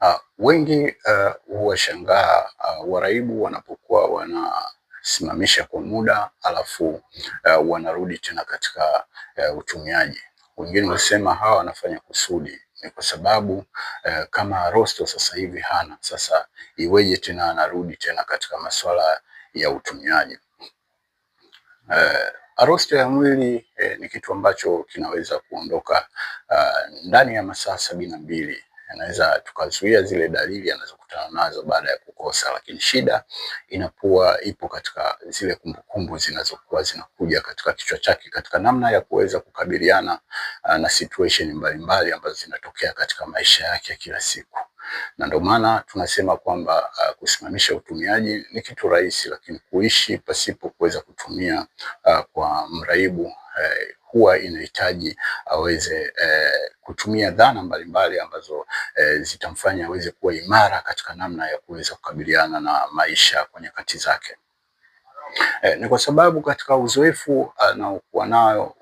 Ah, wengi eh, huwashangaa ah, waraibu wanapokuwa wanasimamisha kwa muda alafu eh, wanarudi tena katika eh, utumiaji. Wengine husema hawa wanafanya kusudi, ni kwa sababu kama Rosto sasa hivi hana, sasa iweje tena anarudi tena katika masuala ya utumiaji? Arosto ya mwili ni kitu ambacho kinaweza kuondoka ah, ndani ya masaa sabini na mbili anaweza tukazuia zile dalili anazokutana nazo baada ya kukosa, lakini shida inakuwa ipo katika zile kumbukumbu zinazokuwa zinakuja katika kichwa chake katika namna ya kuweza kukabiliana ah, na situation mbalimbali ambazo zinatokea katika maisha yake ya kila siku na ndio maana tunasema kwamba uh, kusimamisha utumiaji ni kitu rahisi, lakini kuishi pasipo kuweza kutumia uh, kwa mraibu uh, huwa inahitaji aweze uh, kutumia dhana mbalimbali ambazo e, zitamfanya aweze kuwa imara katika namna ya kuweza kukabiliana na maisha kwa nyakati zake. E, ni kwa sababu katika uzoefu anaokuwa eh, nayo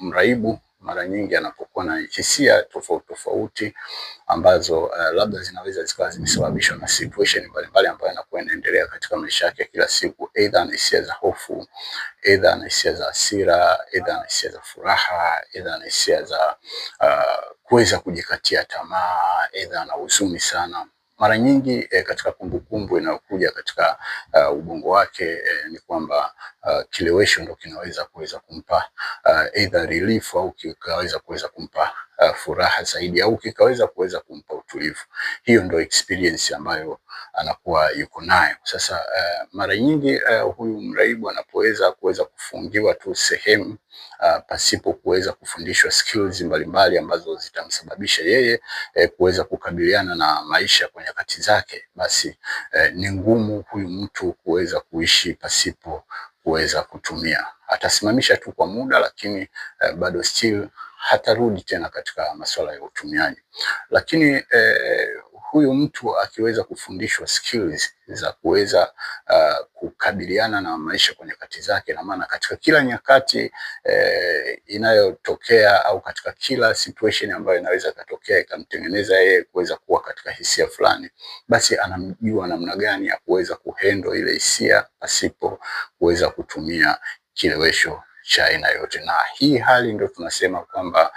mraibu mara nyingi anapo hisia tofauti tofauti ambazo uh, labda zinaweza zikawa zimesababishwa na situation mbalimbali ambayo inakuwa inaendelea katika maisha yake kila siku, aidha na hisia za hofu, aidha na hisia za hasira, aidha na hisia za furaha, aidha na hisia za uh, kuweza kujikatia tamaa, aidha na huzuni sana. Mara nyingi eh, katika kumbukumbu inayokuja katika uh, ubongo wake eh, ni kwamba uh, kilewesho ndo kinaweza kuweza kumpa uh, either relief au kikaweza kuweza kumpa uh, furaha zaidi au kikaweza kuweza kumpa utulivu. Hiyo ndio experience ambayo anakuwa yuko nayo. Sasa uh, mara nyingi uh, huyu mraibu anapoweza kuweza kufungiwa tu sehemu uh, pasipo kuweza kufundishwa skills mbalimbali ambazo zitamsababisha yeye eh, kuweza kukabiliana na maisha kwa nyakati zake, basi eh, ni ngumu huyu mtu kuweza kuishi pasipo kuweza kutumia. Atasimamisha tu kwa muda, lakini eh, bado still hatarudi tena katika masuala ya utumiaji. Lakini eh, huyu mtu akiweza kufundishwa skills za kuweza uh, kukabiliana na maisha kwa nyakati zake, na maana katika kila nyakati eh, inayotokea au katika kila situation ambayo inaweza ikatokea ikamtengeneza yeye kuweza kuwa katika hisia fulani, basi anamjua namna gani ya kuweza kuhendo ile hisia pasipo kuweza kutumia kilewesho cha aina yote, na hii hali ndio tunasema kwamba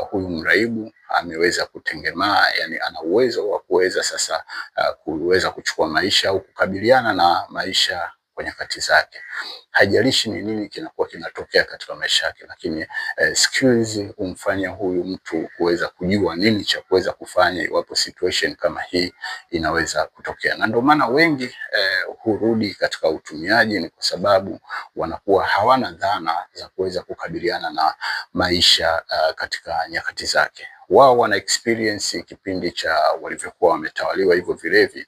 uh, huyu mraibu ameweza kutengemaa, yani ana uwezo wa kuweza sasa uh, kuweza kuchukua maisha au kukabiliana na maisha kwa nyakati zake. Hajalishi ni nini kinakuwa kinatokea katika maisha yake, lakini eh, skills humfanya huyu mtu kuweza kujua nini cha kuweza kufanya iwapo situation kama hii inaweza kutokea, na ndio maana wengi eh, hurudi katika utumiaji, ni kwa sababu wanakuwa hawana dhana za kuweza kukabiliana na maisha uh, katika nyakati zake wao wana experience kipindi cha walivyokuwa wametawaliwa hivyo vilevi.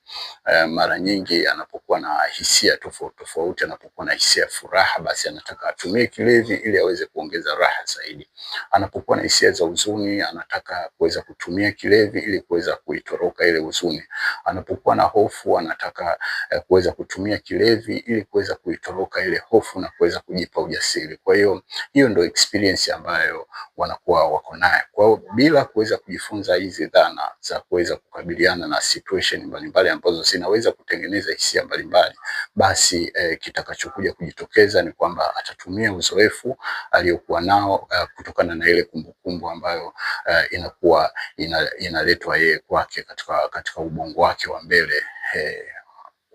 Eh, mara nyingi anapokuwa na hisia tofauti tofauti, anapokuwa na hisia furaha, basi anataka atumie kilevi ili aweze kuongeza raha zaidi. Anapokuwa na hisia za huzuni, anataka kuweza kutumia kilevi ili kuweza kuitoroka ile huzuni. Anapokuwa na hofu, anataka eh, kuweza kutumia kilevi ili kuweza kuitoroka ile hofu na kuweza kujipa ujasiri. Kwa hiyo hiyo ndio experience ambayo wanakuwa wako nayo. Kwa hiyo bila kuweza kujifunza hizi dhana za kuweza kukabiliana na situation mbalimbali ambazo zinaweza kutengeneza hisia mbalimbali, basi eh, kitakachokuja kujitokeza ni kwamba atatumia uzoefu aliyokuwa nao eh, kutokana na ile kumbukumbu ambayo eh, inakuwa inaletwa ina yeye kwake katika, katika ubongo wake wa mbele eh,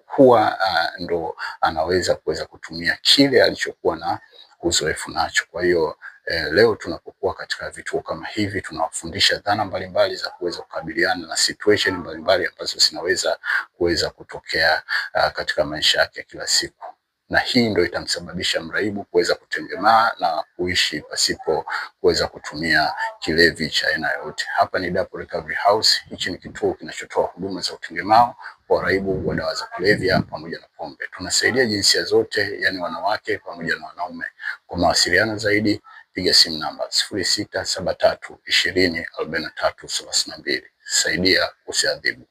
huwa uh, ndo anaweza kuweza kutumia kile alichokuwa na uzoefu nacho. Kwa hiyo E, Leo tunapokuwa katika vituo kama hivi, tunawafundisha dhana mbalimbali za kuweza kukabiliana na situation mbalimbali ambazo zinaweza kuweza kutokea ah, katika maisha yake ya kila siku, na hii ndio itamsababisha mraibu kuweza kutengemaa na kuishi pasipo kuweza kutumia kilevi cha aina yoyote. Hapa ni Dapo Recovery House. Hichi ni kituo kinachotoa huduma za utengemao kwa waraibu wa dawa za kulevya pamoja na pombe. Tunasaidia jinsia zote, yani wanawake pamoja na wanaume. Kwa mawasiliano zaidi piga simu namba sifuri sita saba tatu ishirini arobaini na tatu thelathini na mbili. Saidia usiadhibu.